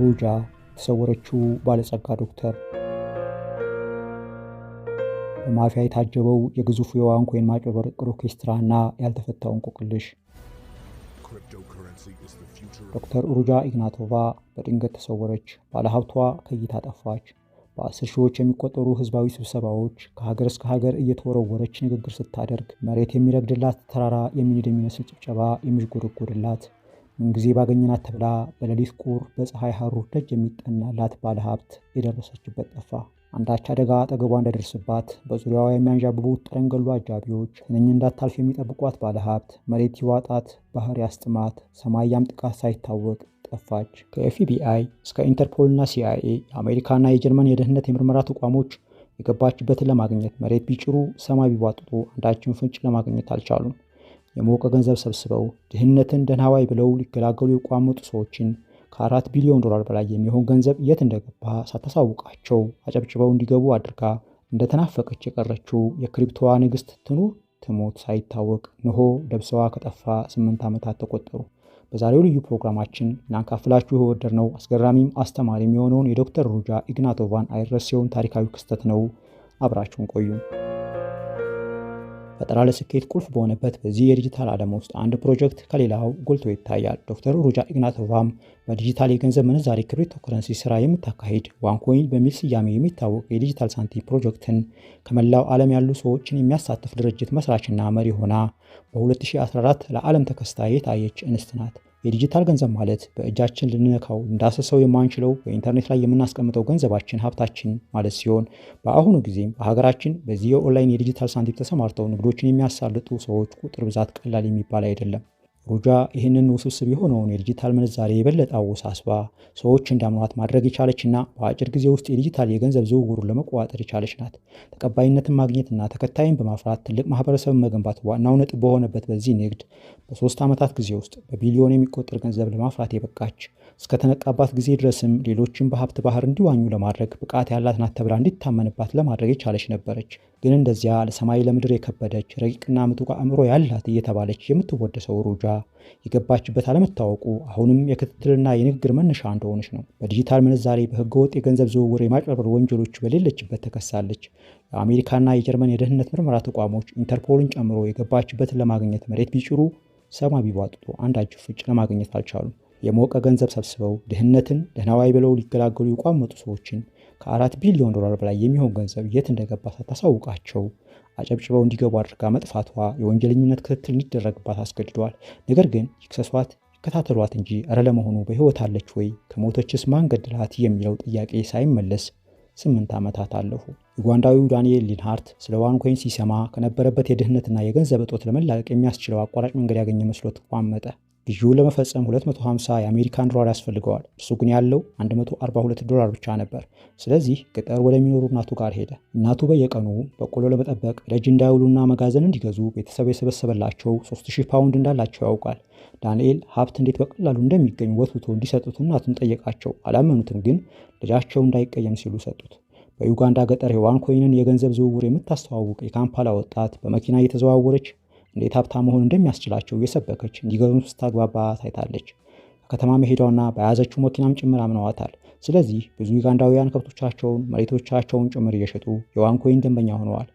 ሩጃ የተሰወረችው ባለጸጋ ዶክተር በማፊያ የታጀበው የግዙፉ የዋንኮይን ማጭበርበር እና ያልተፈታው እንቆቅልሽ። ዶክተር ሩጃ ኢግናቶቫ በድንገት ተሰወረች። ባለሀብቷ ከይታ ጠፋች። በአስር ሺዎች የሚቆጠሩ ህዝባዊ ስብሰባዎች ከሀገር እስከ ሀገር እየተወረወረች ንግግር ስታደርግ መሬት የሚረግድላት ተራራ የሚንድ የሚመስል ጭብጨባ የሚዥጎደጎድላት ምንጊዜ ባገኘናት ተብላ በሌሊት ቁር በፀሐይ ሐሩር ደጅ የሚጠናላት ባለ ሀብት የደረሰችበት ጠፋ። አንዳች አደጋ አጠገቧ እንዳይደርስባት በዙሪያዋ የሚያንዣብቡት ጠረንገሉ አጃቢዎች፣ ትንኝ እንዳታልፍ የሚጠብቋት ባለ ሀብት መሬት ይዋጣት፣ ባህር ያስጥማት፣ ሰማይ ያምጥቃት ሳይታወቅ ጠፋች። ከኤፍቢአይ እስከ ኢንተርፖልና ሲአይኤ የአሜሪካና የጀርመን የደህንነት የምርመራ ተቋሞች የገባችበትን ለማግኘት መሬት ቢጭሩ ሰማይ ቢቧጥጡ አንዳችን ፍንጭ ለማግኘት አልቻሉም። የሞቀ ገንዘብ ሰብስበው ድህነትን ደናዋይ ብለው ሊገላገሉ የቋመጡ ሰዎችን ከአራት ቢሊዮን ዶላር በላይ የሚሆን ገንዘብ የት እንደገባ ሳታሳውቃቸው አጨብጭበው እንዲገቡ አድርጋ እንደተናፈቀች የቀረችው የክሪፕቶዋ ንግሥት ትኑር ትሞት ሳይታወቅ ንሆ ደብሰዋ ከጠፋ ስምንት ዓመታት ተቆጠሩ። በዛሬው ልዩ ፕሮግራማችን ላንካፍላችሁ የወደድነው አስገራሚም አስተማሪም የሆነውን የዶክተር ሩጃ ኢግናቶቫን አይረሴውን ታሪካዊ ክስተት ነው። አብራችሁን ቆዩም። ፈጠራ ለስኬት ቁልፍ በሆነበት በዚህ የዲጂታል ዓለም ውስጥ አንድ ፕሮጀክት ከሌላው ጎልቶ ይታያል። ዶክተር ሩጃ ኢግናቶቫም በዲጂታል የገንዘብ ምንዛሬ ክሪፕቶ ስራ የምታካሂድ ዋንኮይን በሚል ስያሜ የሚታወቅ የዲጂታል ሳንቲም ፕሮጀክትን ከመላው ዓለም ያሉ ሰዎችን የሚያሳትፍ ድርጅት መስራችና መሪ ሆና በ2014 ለዓለም ተከስታ የታየች እንስት ናት። የዲጂታል ገንዘብ ማለት በእጃችን ልንነካው እንዳሰሰው የማንችለው በኢንተርኔት ላይ የምናስቀምጠው ገንዘባችን ሀብታችን ማለት ሲሆን በአሁኑ ጊዜም በሀገራችን በዚህ የኦንላይን የዲጂታል ሳንቲም ተሰማርተው ንግዶችን የሚያሳልጡ ሰዎች ቁጥር ብዛት ቀላል የሚባል አይደለም። ሩጃ ይህንን ውስብስብ የሆነውን የዲጂታል ምንዛሬ የበለጠ አወሳስባ ሰዎች እንዳምኗት ማድረግ የቻለችና በአጭር ጊዜ ውስጥ የዲጂታል የገንዘብ ዝውውሩን ለመቆጣጠር የቻለች ናት። ተቀባይነትን ማግኘትና ተከታይን በማፍራት ትልቅ ማህበረሰብ መገንባት ዋናው ነጥብ በሆነበት በዚህ ንግድ በሶስት ዓመታት ጊዜ ውስጥ በቢሊዮን የሚቆጠር ገንዘብ ለማፍራት የበቃች እስከተነቃባት ጊዜ ድረስም ሌሎችን በሀብት ባህር እንዲዋኙ ለማድረግ ብቃት ያላት ናት ተብላ እንዲታመንባት ለማድረግ የቻለች ነበረች። ግን እንደዚያ ለሰማይ ለምድር የከበደች ረቂቅና ምጡቅ አእምሮ ያላት እየተባለች የምትወደሰው ሩጃ የገባችበት አለመታወቁ አሁንም የክትትልና የንግግር መነሻ እንደሆነች ነው። በዲጂታል ምንዛሬ በህገወጥ የገንዘብ ዝውውር የማጭበርበር ወንጀሎች በሌለችበት ተከሳለች። የአሜሪካና የጀርመን የደህንነት ምርመራ ተቋሞች ኢንተርፖልን ጨምሮ የገባችበትን ለማግኘት መሬት ቢጭሩ ሰማይ ቢቧጥጡ አንዳች ፍንጭ ለማግኘት አልቻሉም። የሞቀ ገንዘብ ሰብስበው ድህነትን ደህናዋይ ብለው ሊገላገሉ የቋመጡ ሰዎችን ከአራት ቢሊዮን ዶላር በላይ የሚሆን ገንዘብ የት እንደገባ ሳታሳውቃቸው አጨብጭበው እንዲገቡ አድርጋ መጥፋቷ የወንጀለኝነት ክትትል እንዲደረግባት አስገድዷል። ነገር ግን ይክሰሷት ይከታተሏት እንጂ እረ ለመሆኑ በህይወት አለች ወይ? ከሞቶችስ ማን ገደላት? የሚለው ጥያቄ ሳይመለስ ስምንት ዓመታት አለፉ። ዩጋንዳዊው ዳንኤል ሊንሃርት ስለ ዋንኮይን ሲሰማ ከነበረበት የድህነትና የገንዘብ እጦት ለመላቀቅ የሚያስችለው አቋራጭ መንገድ ያገኘ መስሎት ቋመጠ። ግዢውን ለመፈጸም 250 የአሜሪካን ዶላር ያስፈልገዋል። እርሱ ግን ያለው 142 ዶላር ብቻ ነበር። ስለዚህ ገጠር ወደሚኖሩ እናቱ ጋር ሄደ። እናቱ በየቀኑ በቆሎ ለመጠበቅ ደጅ እንዳይውሉና መጋዘን እንዲገዙ ቤተሰብ የሰበሰበላቸው 3000 ፓውንድ እንዳላቸው ያውቃል። ዳንኤል ሀብት እንዴት በቀላሉ እንደሚገኝ ወትውቶ እንዲሰጡት እናቱን ጠየቃቸው። አላመኑትም፣ ግን ልጃቸው እንዳይቀየም ሲሉ ሰጡት። በዩጋንዳ ገጠር የዋንኮይንን የገንዘብ ዝውውር የምታስተዋውቅ የካምፓላ ወጣት በመኪና እየተዘዋወረች እንዴት ሀብታ መሆን እንደሚያስችላቸው እየሰበከች እንዲገርም ስታግባባ ታይታለች። ከከተማ መሄዷና በያዘችው መኪናም ጭምር አምነዋታል። ስለዚህ ብዙ ዩጋንዳውያን ከብቶቻቸውን፣ መሬቶቻቸውን ጭምር እየሸጡ የዋንኮይን ደንበኛ ሆነዋል።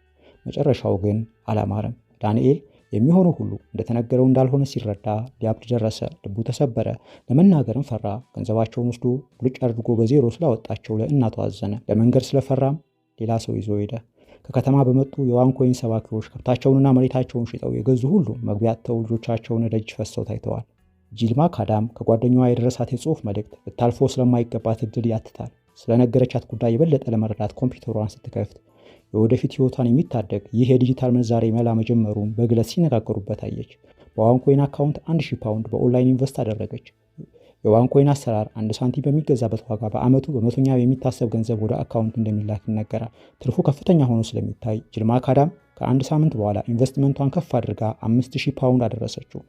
መጨረሻው ግን አላማረም። ዳንኤል የሚሆነው ሁሉ እንደተነገረው እንዳልሆነ ሲረዳ ሊያብድ ደረሰ። ልቡ ተሰበረ። ለመናገርም ፈራ። ገንዘባቸውን ወስዶ ብልጭ አድርጎ በዜሮ ስላወጣቸው ለእናቱ አዘነ። ለመንገድ ስለፈራም ሌላ ሰው ይዞ ሄደ። ከከተማ በመጡ የዋንኮይን ሰባኪዎች ከብታቸውንና መሬታቸውን ሽጠው የገዙ ሁሉ መግቢያ ተው ልጆቻቸውን ደጅ ፈሰው ታይተዋል። ጂልማ ካዳም ከጓደኛዋ የደረሳት የጽሑፍ መልእክት ልታልፎ ስለማይገባት እድል ያትታል። ስለነገረቻት ጉዳይ የበለጠ ለመረዳት ኮምፒውተሯን ስትከፍት የወደፊት ህይወቷን የሚታደግ ይህ የዲጂታል ምንዛሬ መላ መጀመሩን በግለት ሲነጋገሩበት አየች። በዋንኮይን አካውንት አንድ ሺህ ፓውንድ በኦንላይን ኢንቨስት አደረገች። የዋንኮይን አሰራር አንድ ሳንቲም በሚገዛበት ዋጋ በአመቱ በመቶኛ የሚታሰብ ገንዘብ ወደ አካውንቱ እንደሚላክ ይነገራል። ትርፉ ከፍተኛ ሆኖ ስለሚታይ ጅልማ ካዳም ከአንድ ሳምንት በኋላ ኢንቨስትመንቷን ከፍ አድርጋ 5000 ፓውንድ አደረሰችው።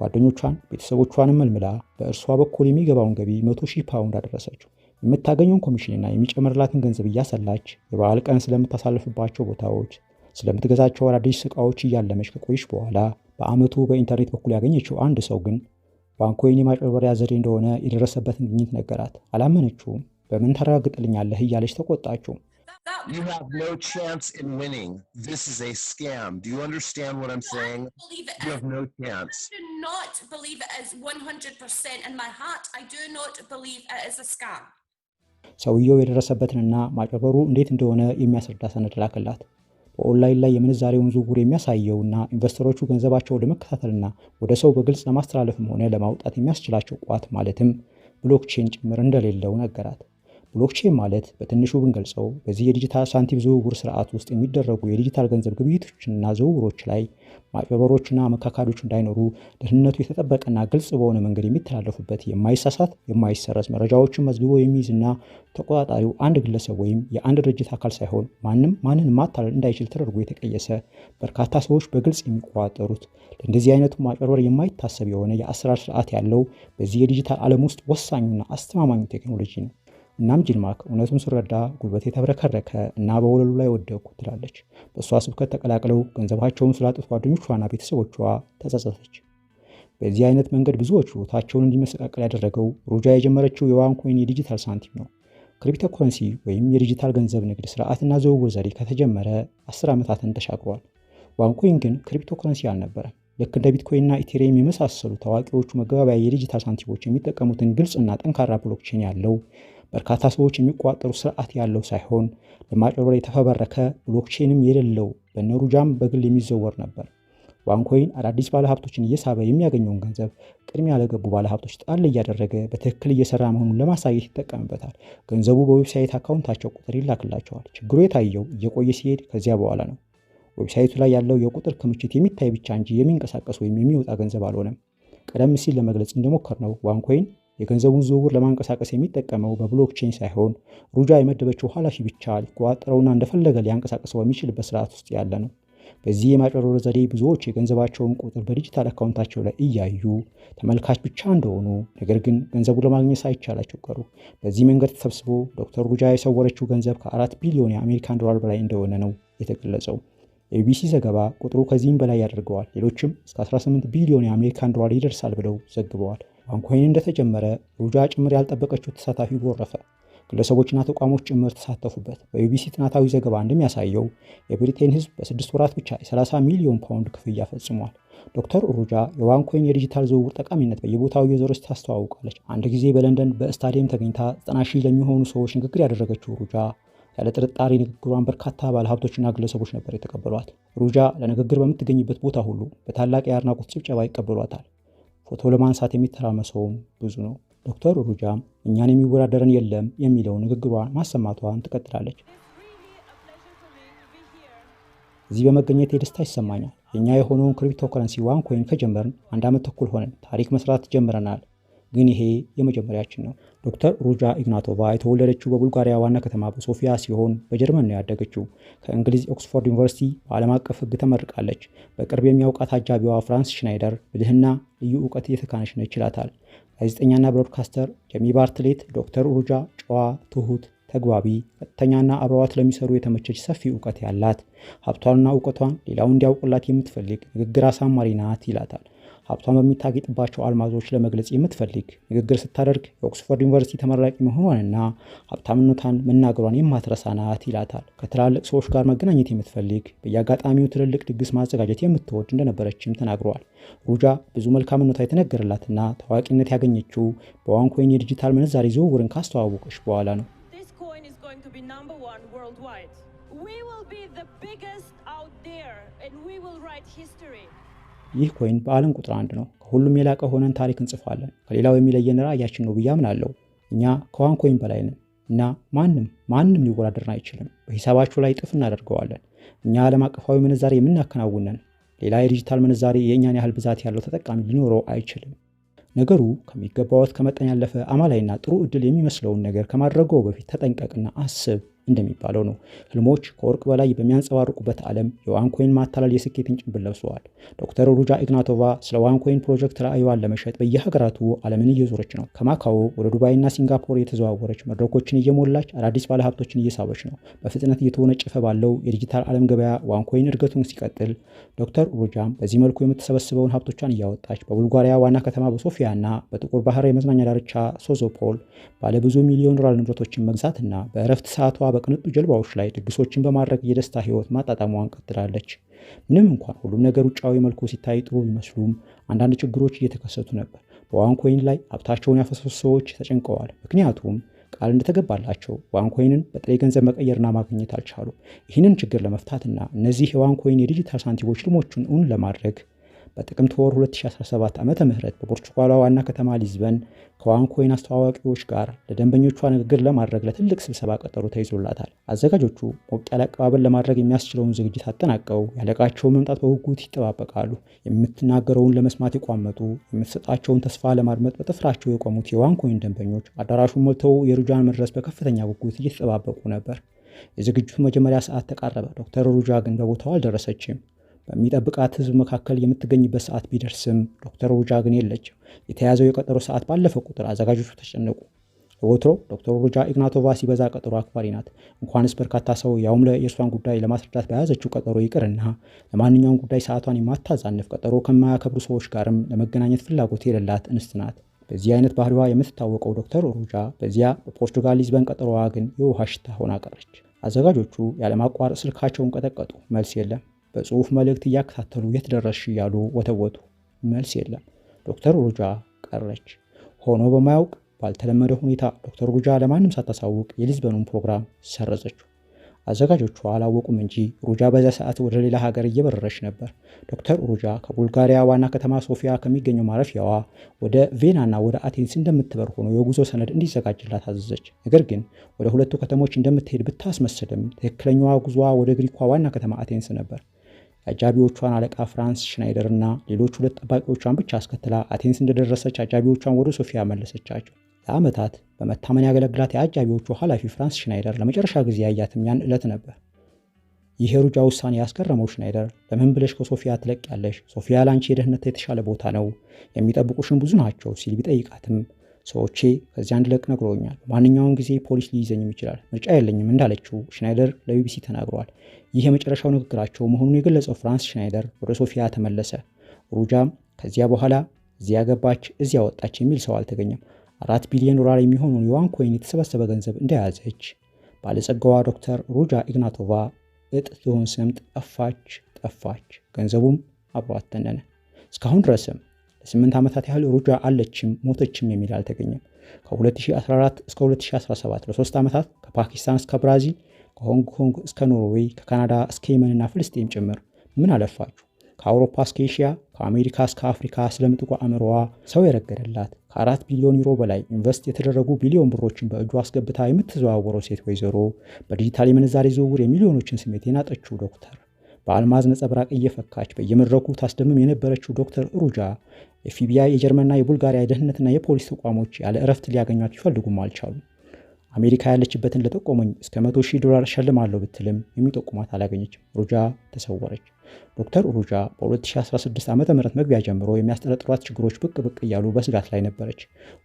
ጓደኞቿን ቤተሰቦቿንም መልምላ በእርሷ በኩል የሚገባውን ገቢ 100 ሺህ ፓውንድ አደረሰችው። የምታገኘውን ኮሚሽንና የሚጨምርላትን ገንዘብ እያሰላች የበዓል ቀን ስለምታሳልፍባቸው ቦታዎች፣ ስለምትገዛቸው አዳዲስ ዕቃዎች እያለመች ከቆየች በኋላ በአመቱ በኢንተርኔት በኩል ያገኘችው አንድ ሰው ግን ባንኩ የኔ ማጭበርበሪያ ዘዴ እንደሆነ የደረሰበትን ግኝት ነገራት። አላመነችውም። በምን ታረጋግጥልኛለህ እያለች ተቆጣችው። ሰውየው የደረሰበትንና ማጭበርበሩ እንዴት እንደሆነ የሚያስረዳ ሰነድ ላከላት። በኦንላይን ላይ የምንዛሬውን ዝውውር የሚያሳየውና ኢንቨስተሮቹ ገንዘባቸው ለመከታተልና ወደ ሰው በግልጽ ለማስተላለፍም ሆነ ለማውጣት የሚያስችላቸው ቋት ማለትም ብሎክቼን ጭምር እንደሌለው ነገራት። ብሎክቼን ማለት በትንሹ ብንገልጸው በዚህ የዲጂታል ሳንቲም ዝውውር ስርዓት ውስጥ የሚደረጉ የዲጂታል ገንዘብ ግብይቶችና ዝውውሮች ላይ ማጭበርበሮችና መካካዶች እንዳይኖሩ ደህንነቱ የተጠበቀና ግልጽ በሆነ መንገድ የሚተላለፉበት የማይሳሳት የማይሰረዝ መረጃዎችን መዝግቦ የሚይዝና ተቆጣጣሪው አንድ ግለሰብ ወይም የአንድ ድርጅት አካል ሳይሆን ማንም ማንን ማታለል እንዳይችል ተደርጎ የተቀየሰ በርካታ ሰዎች በግልጽ የሚቆጣጠሩት ለእንደዚህ አይነቱ ማጭበርበር የማይታሰብ የሆነ የአሰራር ስርዓት ያለው በዚህ የዲጂታል ዓለም ውስጥ ወሳኙና አስተማማኙ ቴክኖሎጂ ነው። እናም ጂልማክ እውነቱን ስረዳ ጉልበቴ ተብረከረከ እና በወለሉ ላይ ወደቅኩ ትላለች። በእሷ ስብከት ተቀላቅለው ገንዘባቸውን ስላጡት ጓደኞቿና ቤተሰቦቿ ተጸጸተች። በዚህ አይነት መንገድ ብዙዎቹ ታቸውን እንዲመሰቃቀል ያደረገው ሩጃ የጀመረችው የዋንኮይን የዲጂታል ሳንቲም ነው። ክሪፕቶኮረንሲ ወይም የዲጂታል ገንዘብ ንግድ ስርዓትና ዝውውር ዘዴ ከተጀመረ አስር ዓመታትን ተሻግሯል። ዋንኮይን ግን ክሪፕቶኮረንሲ አልነበረም። ልክ እንደ ቢትኮይንና ኢቴሪየም የመሳሰሉ ታዋቂዎቹ መገባቢያ የዲጂታል ሳንቲሞች የሚጠቀሙትን ግልጽና ጠንካራ ብሎክቼን ያለው በርካታ ሰዎች የሚቋጠሩ ስርዓት ያለው ሳይሆን ለማጭበርበር የተፈበረከ ብሎክቼንም የሌለው በነሩጃም በግል የሚዘወር ነበር። ዋንኮይን አዳዲስ ባለሀብቶችን እየሳበ የሚያገኘውን ገንዘብ ቅድሚያ ለገቡ ባለሀብቶች ጣል እያደረገ በትክክል እየሰራ መሆኑን ለማሳየት ይጠቀምበታል። ገንዘቡ በዌብሳይት አካውንታቸው ቁጥር ይላክላቸዋል። ችግሩ የታየው እየቆየ ሲሄድ ከዚያ በኋላ ነው። ዌብሳይቱ ላይ ያለው የቁጥር ክምችት የሚታይ ብቻ እንጂ የሚንቀሳቀስ ወይም የሚወጣ ገንዘብ አልሆነም። ቀደም ሲል ለመግለጽ እንደሞከርነው ዋንኮይን የገንዘቡን ዝውውር ለማንቀሳቀስ የሚጠቀመው በብሎክቼን ሳይሆን ሩጃ የመደበችው ኃላፊ ብቻ ሊቆጣጠረውና እንደፈለገ ሊያንቀሳቀሰው በሚችልበት ስርዓት ውስጥ ያለ ነው። በዚህ የማጭበርበር ዘዴ ብዙዎች የገንዘባቸውን ቁጥር በዲጂታል አካውንታቸው ላይ እያዩ ተመልካች ብቻ እንደሆኑ፣ ነገር ግን ገንዘቡን ለማግኘት ሳይቻላቸው ቀሩ። በዚህ መንገድ ተሰብስቦ ዶክተር ሩጃ የሰወረችው ገንዘብ ከአራት ቢሊዮን የአሜሪካን ዶላር በላይ እንደሆነ ነው የተገለጸው። የቢቢሲ ዘገባ ቁጥሩ ከዚህም በላይ ያደርገዋል። ሌሎችም እስከ 18 ቢሊዮን የአሜሪካን ዶላር ይደርሳል ብለው ዘግበዋል። ባንኩ እንደተጀመረ ሩጃ ጭምር ያልጠበቀችው ተሳታፊ ጎረፈ። ግለሰቦችና ተቋሞች ጭምር ተሳተፉበት። በቢቢሲ ጥናታዊ ዘገባ እንደሚያሳየው የብሪቴን ሕዝብ በስድስት ወራት ብቻ የ30 ሚሊዮን ፓውንድ ክፍያ ፈጽሟል። ዶክተር ሩጃ የዋንኮይን የዲጂታል ዝውውር ጠቃሚነት በየቦታው የዞረች ታስተዋውቃለች። አንድ ጊዜ በለንደን በስታዲየም ተገኝታ 90 ሺህ ለሚሆኑ ሰዎች ንግግር ያደረገችው ሩጃ ያለ ጥርጣሬ ንግግሯን በርካታ ባለሀብቶችና ግለሰቦች ነበር የተቀበሏት። ሩጃ ለንግግር በምትገኝበት ቦታ ሁሉ በታላቅ የአድናቆት ጭብጨባ ይቀበሏታል። ፎቶ ለማንሳት የሚተራመሰውም ብዙ ነው። ዶክተር ሩጃም እኛን የሚወዳደረን የለም የሚለው ንግግሯን ማሰማቷን ትቀጥላለች። እዚህ በመገኘት ደስታ ይሰማኛል። የእኛ የሆነውን ክሪፕቶከረንሲ ዋን ኮይን ከጀመርን አንድ ዓመት ተኩል ሆነን ታሪክ መስራት ጀምረናል። ግን ይሄ የመጀመሪያችን ነው። ዶክተር ሩጃ ኢግናቶቫ የተወለደችው በቡልጋሪያ ዋና ከተማ በሶፊያ ሲሆን በጀርመን ነው ያደገችው። ከእንግሊዝ ኦክስፎርድ ዩኒቨርሲቲ በዓለም አቀፍ ሕግ ተመርቃለች። በቅርብ የሚያውቃት አጃቢዋ ፍራንስ ሽናይደር ብልህና ልዩ እውቀት እየተካነች ነች ይላታል። ጋዜጠኛና ብሮድካስተር ጀሚ ባርትሌት ዶክተር ሩጃ ጨዋ፣ ትሁት፣ ተግባቢ፣ ቀጥተኛና አብረዋት ለሚሰሩ የተመቸች ሰፊ እውቀት ያላት፣ ሀብቷንና እውቀቷን ሌላው እንዲያውቁላት የምትፈልግ ንግግር አሳማሪ ናት ይላታል። ሀብቷን በሚታጌጥባቸው አልማዞች ለመግለጽ የምትፈልግ ንግግር ስታደርግ የኦክስፎርድ ዩኒቨርሲቲ ተመራቂ መሆኗንና ሀብታምነቷን መናገሯን የማትረሳ ናት ይላታል። ከትላልቅ ሰዎች ጋር መገናኘት የምትፈልግ በየአጋጣሚው ትልልቅ ድግስ ማዘጋጀት የምትወድ እንደነበረችም ተናግረዋል። ሩጃ ብዙ መልካምነቷ የተነገረላትና ታዋቂነት ያገኘችው በዋንኮይን የዲጂታል ምንዛሬ ዝውውርን ካስተዋወቀች በኋላ ነው። We will be the biggest out there and we will write history. ይህ ኮይን በዓለም ቁጥር አንድ ነው። ከሁሉም የላቀ ሆነን ታሪክ እንጽፋለን። ከሌላው የሚለየን ራዕያችን ነው ብዬ አምናለሁ። እኛ ከዋን ኮይን በላይ ነን እና ማንም ማንም ሊወዳደርን አይችልም። በሂሳባችሁ ላይ ጥፍ እናደርገዋለን። እኛ ዓለም አቀፋዊ ምንዛሬ የምናከናውነን፣ ሌላ የዲጂታል ምንዛሬ የእኛን ያህል ብዛት ያለው ተጠቃሚ ሊኖረው አይችልም። ነገሩ ከሚገባዎት ከመጠን ያለፈ አማላይና ጥሩ እድል የሚመስለውን ነገር ከማድረገው በፊት ተጠንቀቅና አስብ። እንደሚባለው ነው። ህልሞች ከወርቅ በላይ በሚያንጸባርቁበት ዓለም የዋንኮይን ማታለል የስኬትን ጭንብል ለብሰዋል። ዶክተር ሩጃ ኢግናቶቫ ስለ ዋንኮይን ፕሮጀክት ራዕይዋን ለመሸጥ በየሀገራቱ ዓለምን እየዞረች ነው። ከማካዎ ወደ ዱባይና ሲንጋፖር የተዘዋወረች መድረኮችን እየሞላች አዳዲስ ባለሀብቶችን እየሳበች ነው። በፍጥነት እየተወነጨፈ ባለው የዲጂታል ዓለም ገበያ ዋንኮይን እድገቱን ሲቀጥል፣ ዶክተር ሩጃም በዚህ መልኩ የምትሰበስበውን ሀብቶቿን እያወጣች በቡልጋሪያ ዋና ከተማ በሶፊያና በጥቁር ባህር የመዝናኛ ዳርቻ ሶዞፖል ባለብዙ ሚሊዮን ዶላር ንብረቶችን መግዛትና በእረፍት ሰዓቷ በቅንጡ ጀልባዎች ላይ ድግሶችን በማድረግ የደስታ ህይወት ማጣጣሟን ቀጥላለች። ምንም እንኳን ሁሉም ነገር ውጫዊ መልኩ ሲታይ ጥሩ ቢመስሉም አንዳንድ ችግሮች እየተከሰቱ ነበር። በዋንኮይን ላይ ሀብታቸውን ያፈሰሱ ሰዎች ተጨንቀዋል። ምክንያቱም ቃል እንደተገባላቸው ዋንኮይንን በጥሬ ገንዘብ መቀየርና ማግኘት አልቻሉ። ይህንን ችግር ለመፍታትና እነዚህ የዋንኮይን የዲጂታል ሳንቲሞች ልሞቹን እውን ለማድረግ በጥቅምት ወር 2017 ዓ ም በፖርቹጋሏ ዋና ከተማ ሊዝበን ከዋንኮይን አስተዋዋቂዎች ጋር ለደንበኞቿ ንግግር ለማድረግ ለትልቅ ስብሰባ ቀጠሮ ተይዞላታል። አዘጋጆቹ ሞቅ ያለ አቀባበል ለማድረግ የሚያስችለውን ዝግጅት አጠናቀው ያለቃቸውን መምጣት በጉጉት ይጠባበቃሉ። የምትናገረውን ለመስማት የቋመጡ፣ የምትሰጣቸውን ተስፋ ለማድመጥ በጥፍራቸው የቆሙት የዋንኮይን ደንበኞች አዳራሹን ሞልተው የሩጃን መድረስ በከፍተኛ ጉጉት እየተጠባበቁ ነበር። የዝግጅቱ መጀመሪያ ሰዓት ተቃረበ። ዶክተር ሩጃ ግን በቦታው አልደረሰችም። በሚጠብቃት ህዝብ መካከል የምትገኝበት ሰዓት ቢደርስም ዶክተር ሩጃ ግን የለችም። የተያዘው የቀጠሮ ሰዓት ባለፈ ቁጥር አዘጋጆቹ ተጨነቁ። ወትሮ ዶክተር ሩጃ ኢግናቶቫ ሲበዛ ቀጠሮ አክባሪ ናት። እንኳንስ በርካታ ሰው ያውም የእሷን ጉዳይ ለማስረዳት በያዘችው ቀጠሮ ይቅርና ለማንኛውም ጉዳይ ሰዓቷን የማታዛንፍ ቀጠሮ ከማያከብሩ ሰዎች ጋርም ለመገናኘት ፍላጎት የሌላት እንስት ናት። በዚህ አይነት ባህሪዋ የምትታወቀው ዶክተር ሩጃ በዚያ በፖርቱጋል ሊዝበን ቀጠሮዋ ግን የውሃ ሽታ ሆና ቀረች። አዘጋጆቹ ያለማቋረጥ ስልካቸውን ቀጠቀጡ። መልስ የለም። በጽሑፍ መልእክት እያከታተሉ የት ደረስሽ እያሉ ወተወቱ። መልስ የለም። ዶክተር ሩጃ ቀረች። ሆኖ በማያውቅ ባልተለመደ ሁኔታ ዶክተር ሩጃ ለማንም ሳታሳውቅ የሊዝበኑን ፕሮግራም ሰረዘችው። አዘጋጆቹ አላወቁም እንጂ ሩጃ በዚያ ሰዓት ወደ ሌላ ሀገር እየበረረች ነበር። ዶክተር ሩጃ ከቡልጋሪያ ዋና ከተማ ሶፊያ ከሚገኘው ማረፊያዋ ወደ ቬናና ወደ አቴንስ እንደምትበር ሆኖ የጉዞ ሰነድ እንዲዘጋጅላት አዘዘች። ነገር ግን ወደ ሁለቱ ከተሞች እንደምትሄድ ብታስመስልም ትክክለኛዋ ጉዞዋ ወደ ግሪኳ ዋና ከተማ አቴንስ ነበር። የአጃቢዎቿን አለቃ ፍራንስ ሽናይደር እና ሌሎች ሁለት ጠባቂዎቿን ብቻ አስከትላ አቴንስ እንደደረሰች አጃቢዎቿን ወደ ሶፊያ መለሰቻቸው። ለዓመታት በመታመን ያገለግላት የአጃቢዎቹ ኃላፊ ፍራንስ ሽናይደር ለመጨረሻ ጊዜ ያያትም ያን ዕለት ነበር። ይህ የሩጃ ውሳኔ ያስገረመው ሽናይደር ለምን ብለሽ ከሶፊያ ትለቅ ያለሽ? ሶፊያ ላንቺ የደህንነት የተሻለ ቦታ ነው፣ የሚጠብቁሽን ብዙ ናቸው ሲል ቢጠይቃትም ሰዎቼ ከዚ አንድ ለቅ ነግሮኛል። ማንኛውም ጊዜ ፖሊስ ሊይዘኝም ይችላል። ምርጫ የለኝም እንዳለችው ሽናይደር ለቢቢሲ ተናግሯል። ይህ የመጨረሻው ንግግራቸው መሆኑን የገለጸው ፍራንስ ሽናይደር ወደ ሶፊያ ተመለሰ። ሩጃም ከዚያ በኋላ እዚያ ገባች እዚያ ወጣች የሚል ሰው አልተገኘም። አራት ቢሊዮን ዶላር የሚሆኑን የዋን ኮይን የተሰበሰበ ገንዘብ እንደያዘች ባለጸጋዋ ዶክተር ሩጃ ኢግናቶቫ እጥ ትሆን ስምጥ ጠፋች ጠፋች፣ ገንዘቡም አብሯት ተነነ። እስካሁን ድረስም ለስምንት ዓመታት ያህል ሩጃ አለችም ሞተችም የሚል አልተገኘም። ከ2014 እስከ 2017 ለሶስት ዓመታት ከፓኪስታን እስከ ብራዚል ከሆንግ ኮንግ እስከ ኖርዌይ ከካናዳ እስከ የመንና ፍልስጤም ጭምር ምን አለፋችሁ ከአውሮፓ እስከ ኤሽያ ከአሜሪካ እስከ አፍሪካ ስለምጥቁ አእምሮዋ ሰው የረገደላት ከአራት ቢሊዮን ዩሮ በላይ ኢንቨስት የተደረጉ ቢሊዮን ብሮችን በእጇ አስገብታ የምትዘዋወረው ሴት ወይዘሮ በዲጂታል የምንዛሬ ዝውውር የሚሊዮኖችን ስሜት የናጠችው ዶክተር በአልማዝ ነጸብራቅ እየፈካች በየመድረኩ ታስደምም የነበረችው ዶክተር ሩጃ የፊቢያ የጀርመንና የቡልጋሪያ የደህንነትና የፖሊስ ተቋሞች ያለ እረፍት ሊያገኟት ይፈልጉም አልቻሉ። አሜሪካ ያለችበትን ለጠቆመኝ እስከ መቶ ሺህ ዶላር እሸልማለሁ ብትልም የሚጠቁማት አላገኘችም። ሩጃ ተሰወረች። ዶክተር ሩጃ በ2016 ዓ ም መግቢያ ጀምሮ የሚያስጠረጥሯት ችግሮች ብቅ ብቅ እያሉ በስጋት ላይ ነበረች።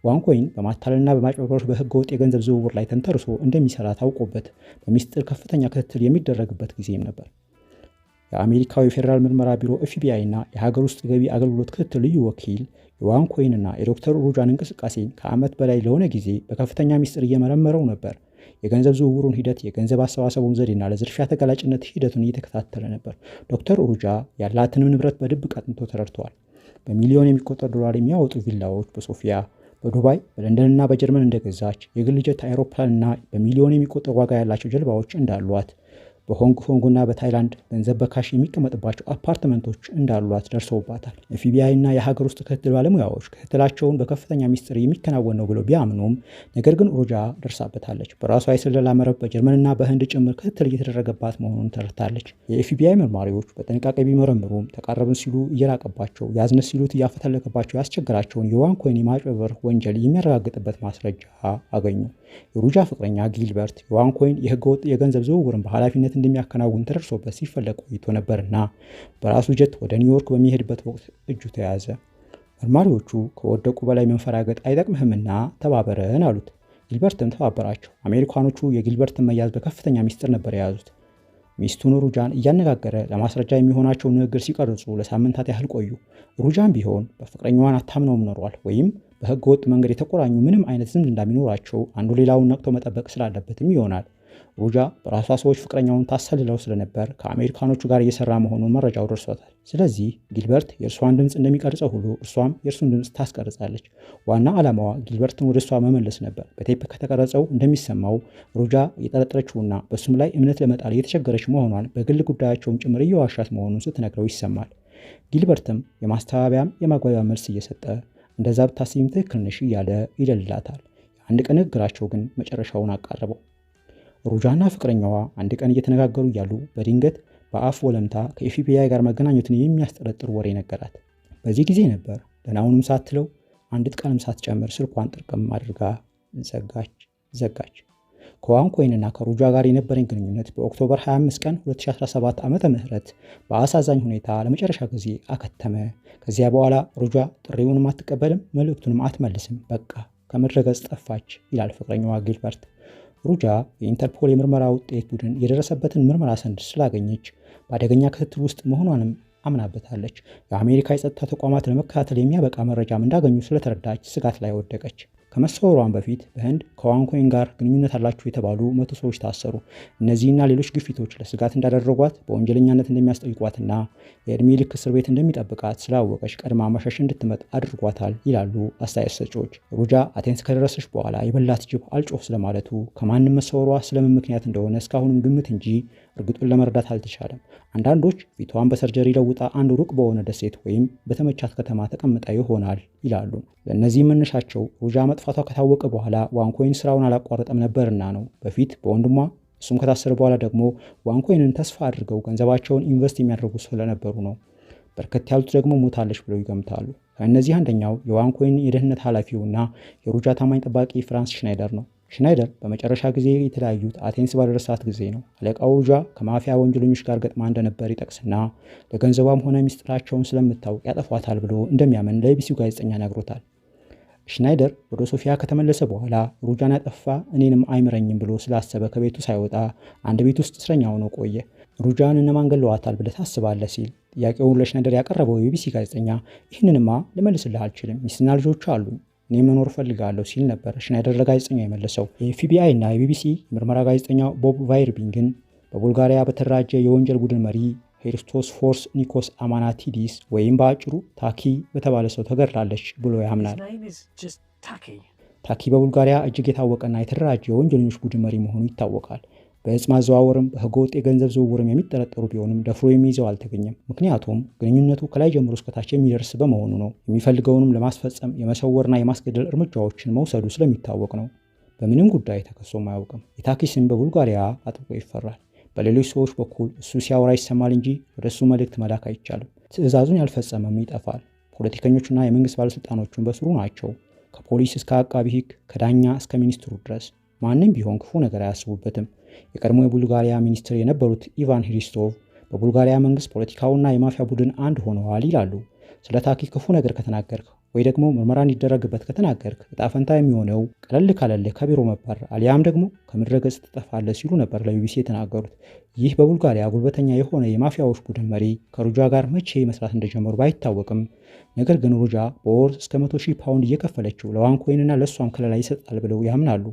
ዋንኮይን በማታለልና በማጭበርበሮች በህገ ወጥ የገንዘብ ዝውውር ላይ ተንተርሶ እንደሚሰራ ታውቆበት በሚስጥር ከፍተኛ ክትትል የሚደረግበት ጊዜም ነበር። የአሜሪካው የፌዴራል ምርመራ ቢሮ ኤፍቢአይ እና የሀገር ውስጥ ገቢ አገልግሎት ክትትል ልዩ ወኪል የዋን ኮይንና የዶክተር ሩጃን እንቅስቃሴን ከዓመት በላይ ለሆነ ጊዜ በከፍተኛ ሚስጥር እየመረመረው ነበር። የገንዘብ ዝውውሩን ሂደት፣ የገንዘብ አሰባሰቡን ዘዴና ለዝርፊያ ተጋላጭነት ሂደቱን እየተከታተለ ነበር። ዶክተር ሩጃ ያላትንም ንብረት በድብቅ አጥንቶ ተረድተዋል። በሚሊዮን የሚቆጠር ዶላር የሚያወጡ ቪላዎች በሶፊያ በዱባይ በለንደንና በጀርመን እንደገዛች የግል ጀት፣ አውሮፕላንና በሚሊዮን የሚቆጠር ዋጋ ያላቸው ጀልባዎች እንዳሏት በሆንግ ኮንግና በታይላንድ ገንዘብ በካሽ የሚቀመጥባቸው አፓርትመንቶች እንዳሏት ደርሰውባታል። የኤፍቢአይ እና የሀገር ውስጥ ክትትል ባለሙያዎች ክትትላቸውን በከፍተኛ ሚስጥር የሚከናወን ነው ብለው ቢያምኑም ነገር ግን ሩጃ ደርሳበታለች። በራሷ የስለላ መረብ በጀርመንና በህንድ ጭምር ክትትል እየተደረገባት መሆኑን ተረድታለች። የኤፍቢአይ መርማሪዎች በጥንቃቄ ቢመረምሩም ተቃረብን ሲሉ እየራቀባቸው ያዝነት ሲሉት እያፈተለከባቸው ያስቸገራቸውን የዋንኮይን የማጭበርበር ወንጀል የሚያረጋግጥበት ማስረጃ አገኙ። የሩጃ ፍቅረኛ ጊልበርት የዋንኮይን የህገወጥ የገንዘብ ዝውውርን በኃላፊነት እንደሚያከናውን ተደርሶበት ሲፈለግ ቆይቶ ነበርና በራሱ ጀት ወደ ኒውዮርክ በሚሄድበት ወቅት እጁ ተያዘ። መርማሪዎቹ ከወደቁ በላይ መንፈራገጥ አይጠቅምህምና ተባበረን አሉት። ጊልበርትም ተባበራቸው። አሜሪካኖቹ የጊልበርትን መያዝ በከፍተኛ ሚስጥር ነበር የያዙት። ሚስቱን ሩጃን እያነጋገረ ለማስረጃ የሚሆናቸው ንግግር ሲቀርጹ ለሳምንታት ያህል ቆዩ። ሩጃን ቢሆን በፍቅረኛዋን አታምነውም ኖሯል፣ ወይም በህገወጥ መንገድ የተቆራኙ ምንም አይነት ዝምድ እንዳሚኖራቸው አንዱ ሌላውን ነቅቶ መጠበቅ ስላለበትም ይሆናል ሩጃ በራሷ ሰዎች ፍቅረኛውን ታሰልለው ስለነበር ከአሜሪካኖቹ ጋር እየሰራ መሆኑን መረጃው ደርሷታል። ስለዚህ ጊልበርት የእርሷን ድምፅ እንደሚቀርጸው ሁሉ እርሷም የእርሱን ድምፅ ታስቀርጻለች። ዋና ዓላማዋ ጊልበርትን ወደ እሷ መመለስ ነበር። በቴፕ ከተቀረጸው እንደሚሰማው ሩጃ እየጠረጠረችውና በእሱም ላይ እምነት ለመጣል እየተቸገረች መሆኗን በግል ጉዳያቸውን ጭምር እየዋሻት መሆኑን ስትነግረው ይሰማል። ጊልበርትም የማስተባበያም የማጓያ መልስ እየሰጠ እንደዛ ብታስቢም ትክክል ነሽ እያለ ይደልላታል። የአንድ ቀን ንግግራቸው ግን መጨረሻውን አቃረበው። ሩጃና ፍቅረኛዋ አንድ ቀን እየተነጋገሩ እያሉ በድንገት በአፍ ወለምታ ከኤፍቢአይ ጋር መገናኘቱን የሚያስጠረጥር ወሬ ነገራት። በዚህ ጊዜ ነበር ደህናውንም ሳትለው አንዲት ቃልም ሳትጨምር ስልኳን ጥርቅም አድርጋ ዘጋች ዘጋች። ከዋንኮይንና ከሩጃ ጋር የነበረኝ ግንኙነት በኦክቶበር 25 ቀን 2017 ዓ ም በአሳዛኝ ሁኔታ ለመጨረሻ ጊዜ አከተመ። ከዚያ በኋላ ሩጃ ጥሪውንም አትቀበልም፣ መልእክቱንም አትመልስም፣ በቃ ከምድረገጽ ጠፋች ይላል ፍቅረኛዋ ጊልበርት። ሩጃ የኢንተርፖል የምርመራ ውጤት ቡድን የደረሰበትን ምርመራ ሰነድ ስላገኘች በአደገኛ ክትትል ውስጥ መሆኗንም አምናበታለች። የአሜሪካ የጸጥታ ተቋማት ለመከታተል የሚያበቃ መረጃም እንዳገኙ ስለተረዳች ስጋት ላይ ወደቀች። ከመሰወሯን በፊት በህንድ ከዋንኮይን ጋር ግንኙነት አላቸው የተባሉ መቶ ሰዎች ታሰሩ። እነዚህና ሌሎች ግፊቶች ለስጋት እንዳደረጓት በወንጀለኛነት እንደሚያስጠይቋትና የእድሜ ልክ እስር ቤት እንደሚጠብቃት ስላወቀች ቀድማ መሸሽ እንድትመጥ አድርጓታል ይላሉ አስተያየት ሰጪዎች። ሩጃ አቴንስ ከደረሰች በኋላ የበላት ጅብ አልጮህ ስለማለቱ ከማንም መሰወሯ ስለምን ምክንያት እንደሆነ እስካሁንም ግምት እንጂ እርግጡን ለመረዳት አልተቻለም። አንዳንዶች ፊቷን በሰርጀሪ ለውጣ አንድ ሩቅ በሆነ ደሴት ወይም በተመቻት ከተማ ተቀምጣ ይሆናል ይላሉ። ለእነዚህ መነሻቸው ሩጃ መጥፋቷ ከታወቀ በኋላ ዋንኮይን ስራውን አላቋረጠም ነበርና ነው። በፊት በወንድሟ እሱም ከታሰረ በኋላ ደግሞ ዋንኮይንን ተስፋ አድርገው ገንዘባቸውን ኢንቨስት የሚያደርጉ ስለነበሩ ነው። በርከት ያሉት ደግሞ ሞታለች ብለው ይገምታሉ። ከእነዚህ አንደኛው የዋንኮይን የደህንነት ኃላፊውና የሩጃ ታማኝ ጠባቂ ፍራንስ ሽናይደር ነው። ሽናይደር በመጨረሻ ጊዜ የተለያዩት አቴንስ ባደረሳት ጊዜ ነው። አለቃው ዣ ከማፊያ ወንጀለኞች ጋር ገጥማ እንደነበር ይጠቅስና ለገንዘቧም ሆነ ሚስጥራቸውን ስለምታውቅ ያጠፏታል ብሎ እንደሚያምን ለኢቢሲው ጋዜጠኛ ነግሮታል። ሽናይደር ወደ ሶፊያ ከተመለሰ በኋላ ሩጃን ያጠፋ እኔንም አይምረኝም ብሎ ስላሰበ ከቤቱ ሳይወጣ አንድ ቤት ውስጥ እስረኛ ሆኖ ቆየ። ሩጃን እነማን ገለዋታል ብለህ ታስባለህ? ሲል ጥያቄውን ለሽናይደር ያቀረበው የቢቢሲ ጋዜጠኛ ይህንንማ ልመልስልህ አልችልም፣ ሚስትና ልጆቹ አሉኝ እኔ መኖር ፈልጋለሁ ሲል ነበር ሽናይደር ለጋዜጠኛው የመለሰው። የኤፍቢአይ እና የቢቢሲ ምርመራ ጋዜጠኛው ቦብ ቫይርቢንግን በቡልጋሪያ በተደራጀ የወንጀል ቡድን መሪ ሄርስቶስ ፎርስ ኒኮስ አማናቲዲስ ወይም በአጭሩ ታኪ በተባለ ሰው ተገድላለች ብሎ ያምናል። ታኪ በቡልጋሪያ እጅግ የታወቀና የተደራጀ የወንጀለኞች ቡድን መሪ መሆኑ ይታወቃል። በእጽ ማዘዋወርም በህገወጥ የገንዘብ ዝውውርም የሚጠረጠሩ ቢሆንም ደፍሮ የሚይዘው አልተገኘም። ምክንያቱም ግንኙነቱ ከላይ ጀምሮ እስከታች የሚደርስ በመሆኑ ነው። የሚፈልገውንም ለማስፈጸም የመሰወርና የማስገደል እርምጃዎችን መውሰዱ ስለሚታወቅ ነው። በምንም ጉዳይ ተከሶም አያውቅም። የታኪስን በቡልጋሪያ አጥብቆ ይፈራል። በሌሎች ሰዎች በኩል እሱ ሲያወራ ይሰማል እንጂ ወደ እሱ መልእክት መላክ አይቻልም። ትዕዛዙን ያልፈጸመም ይጠፋል። ፖለቲከኞቹና የመንግስት ባለሥልጣኖቹን በስሩ ናቸው። ከፖሊስ እስከ አቃቢ ህግ፣ ከዳኛ እስከ ሚኒስትሩ ድረስ ማንም ቢሆን ክፉ ነገር አያስቡበትም። የቀድሞ የቡልጋሪያ ሚኒስትር የነበሩት ኢቫን ሂሪስቶቭ በቡልጋሪያ መንግስት ፖለቲካውና የማፊያ ቡድን አንድ ሆነዋል ይላሉ። ስለ ታኪ ክፉ ነገር ከተናገርክ ወይ ደግሞ ምርመራ እንዲደረግበት ከተናገርክ እጣፈንታ የሚሆነው ቀለል ካለልህ ከቢሮ መባር አሊያም ደግሞ ከምድረ ገጽ ትጠፋለህ ሲሉ ነበር ለቢቢሲ የተናገሩት። ይህ በቡልጋሪያ ጉልበተኛ የሆነ የማፊያዎች ቡድን መሪ ከሩጃ ጋር መቼ መስራት እንደጀመሩ ባይታወቅም፣ ነገር ግን ሩጃ በወር እስከ 100 ሺህ ፓውንድ እየከፈለችው ለዋንኮይንና ለእሷም ከለላ ይሰጣል ብለው ያምናሉ።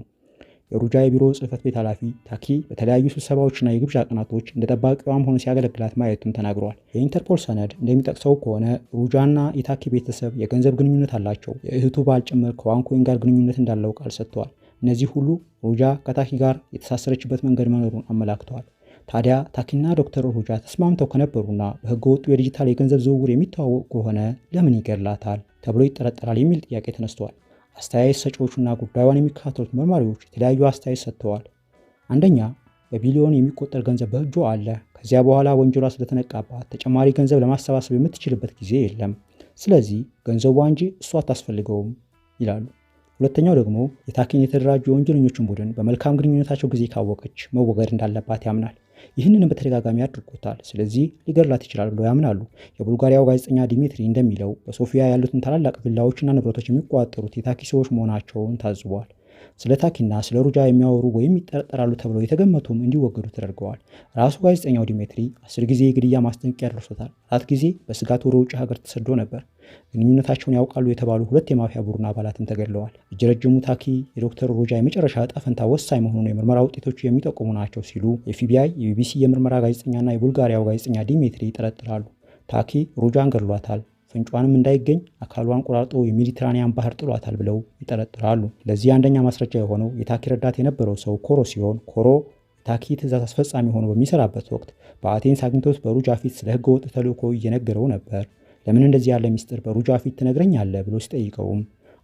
የሩጃ የቢሮ ጽህፈት ቤት ኃላፊ ታኪ በተለያዩ ስብሰባዎችና የግብዣ ቀናቶች እንደ ጠባቂዋም ሆኖ ሲያገለግላት ማየቱን ተናግረዋል። የኢንተርፖል ሰነድ እንደሚጠቅሰው ከሆነ ሩጃና የታኪ ቤተሰብ የገንዘብ ግንኙነት አላቸው። የእህቱ ባል ጭምር ከዋንኮይን ጋር ግንኙነት እንዳለው ቃል ሰጥተዋል። እነዚህ ሁሉ ሩጃ ከታኪ ጋር የተሳሰረችበት መንገድ መኖሩን አመላክተዋል። ታዲያ ታኪና ዶክተር ሩጃ ተስማምተው ከነበሩና በህገ ወጡ የዲጂታል የገንዘብ ዝውውር የሚተዋወቁ ከሆነ ለምን ይገድላታል ተብሎ ይጠረጠራል የሚል ጥያቄ ተነስተዋል። አስተያየት ሰጪዎቹና ጉዳዩን የሚከታተሉት መርማሪዎች የተለያዩ አስተያየት ሰጥተዋል። አንደኛ በቢሊዮን የሚቆጠር ገንዘብ በእጇ አለ። ከዚያ በኋላ ወንጀሏ ስለተነቃባት ተጨማሪ ገንዘብ ለማሰባሰብ የምትችልበት ጊዜ የለም። ስለዚህ ገንዘቧ እንጂ እሷ አታስፈልገውም ይላሉ። ሁለተኛው ደግሞ የታኪን የተደራጁ የወንጀለኞችን ቡድን በመልካም ግንኙነታቸው ጊዜ ካወቀች መወገድ እንዳለባት ያምናል። ይህንንም በተደጋጋሚ አድርጎታል። ስለዚህ ሊገድላት ይችላል ብለው ያምናሉ። የቡልጋሪያው ጋዜጠኛ ዲሚትሪ እንደሚለው በሶፊያ ያሉትን ታላላቅ ቪላዎችና ንብረቶች የሚቆጣጠሩት የታኪ ሰዎች መሆናቸውን ታዝቧል። ስለ ታኪና ስለ ሩጃ የሚያወሩ ወይም ይጠረጠራሉ ተብለው የተገመቱም እንዲወገዱ ተደርገዋል። ራሱ ጋዜጠኛው ዲሜትሪ አስር ጊዜ የግድያ ማስጠንቀቂያ ደርሶታል። አራት ጊዜ በስጋት ወደ ውጭ ሀገር ተሰዶ ነበር። ግንኙነታቸውን ያውቃሉ የተባሉ ሁለት የማፊያ ቡድን አባላትን ተገድለዋል። እጅ ረጅሙ ታኪ የዶክተር ሮጃ የመጨረሻ እጣ ፈንታ ወሳኝ መሆኑን የምርመራ ውጤቶቹ የሚጠቁሙ ናቸው ሲሉ የኤፍቢአይ የቢቢሲ የምርመራ ጋዜጠኛና የቡልጋሪያው ጋዜጠኛ ዲሜትሪ ይጠረጥራሉ። ታኪ ሮጃን ገድሏታል ፍንጯንም እንዳይገኝ አካሏን ቆራርጦ የሜዲትራኒያን ባህር ጥሏታል ብለው ይጠረጥራሉ። ለዚህ አንደኛ ማስረጃ የሆነው የታኪ ረዳት የነበረው ሰው ኮሮ ሲሆን ኮሮ የታኪ ትእዛዝ አስፈጻሚ ሆኖ በሚሰራበት ወቅት በአቴንስ አግኝቶት በሩጃ ፊት ስለ ህገ ወጥ ተልእኮ እየነገረው ነበር። ለምን እንደዚህ ያለ ሚስጥር በሩጃ ፊት ትነግረኛለህ ብሎ ሲጠይቀውም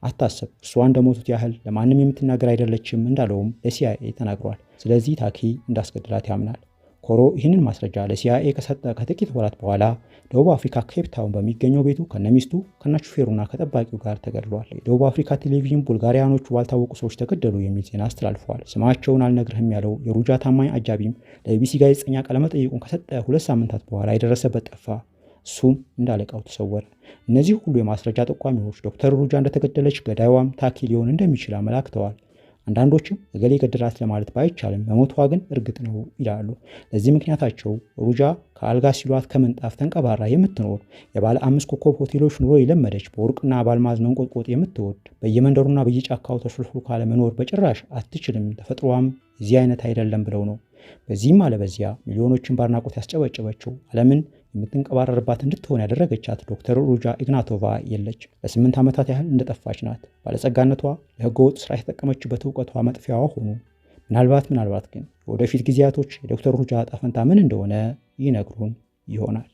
አታስብ፣ እሷ እንደሞቱት ያህል ለማንም የምትናገር አይደለችም እንዳለውም ለሲአይኤ ተናግሯል። ስለዚህ ታኪ እንዳስገድላት ያምናል። ኮሮ ይህንን ማስረጃ ለሲአይኤ ከሰጠ ከጥቂት ወራት በኋላ ደቡብ አፍሪካ ኬፕታውን በሚገኘው ቤቱ ከነሚስቱ ከነሹፌሩና ከጠባቂው ጋር ተገድሏል። የደቡብ አፍሪካ ቴሌቪዥን ቡልጋሪያኖቹ ባልታወቁ ሰዎች ተገደሉ የሚል ዜና አስተላልፈዋል። ስማቸውን አልነግርህም ያለው የሩጃ ታማኝ አጃቢም ለቢቢሲ ጋዜጠኛ ቃለመጠይቁን ከሰጠ ሁለት ሳምንታት በኋላ የደረሰበት ጠፋ። እሱም እንዳለቃው ተሰወረ። እነዚህ ሁሉ የማስረጃ ጠቋሚዎች ዶክተር ሩጃ እንደተገደለች ገዳይዋም ታኪ ሊሆን እንደሚችል አመላክተዋል። አንዳንዶችም እገሌ ገድላት ለማለት ባይቻልም በሞቷ ግን እርግጥ ነው ይላሉ። ለዚህ ምክንያታቸው ሩጃ ከአልጋ ሲሏት ከምንጣፍ ተንቀባራ የምትኖር የባለ አምስት ኮከብ ሆቴሎች ኑሮ የለመደች በወርቅና በአልማዝ መንቆጥቆጥ የምትወድ በየመንደሩና በየጫካው ተሾልፎ ካለመኖር በጭራሽ አትችልም፣ ተፈጥሯም የዚህ አይነት አይደለም ብለው ነው። በዚህም አለበዚያ ሚሊዮኖችን በአድናቆት ያስጨበጨበችው ዓለምን የምትንቀባረርባት እንድትሆን ያደረገቻት ዶክተር ሩጃ ኢግናቶቫ የለች። ለስምንት ዓመታት ያህል እንደጠፋች ናት። ባለጸጋነቷ ለህገወጥ ስራ የተጠቀመችበት እውቀቷ መጥፊያዋ ሆኑ። ምናልባት ምናልባት ግን የወደፊት ጊዜያቶች የዶክተር ሩጃ ጣፈንታ ምን እንደሆነ ይነግሩን ይሆናል።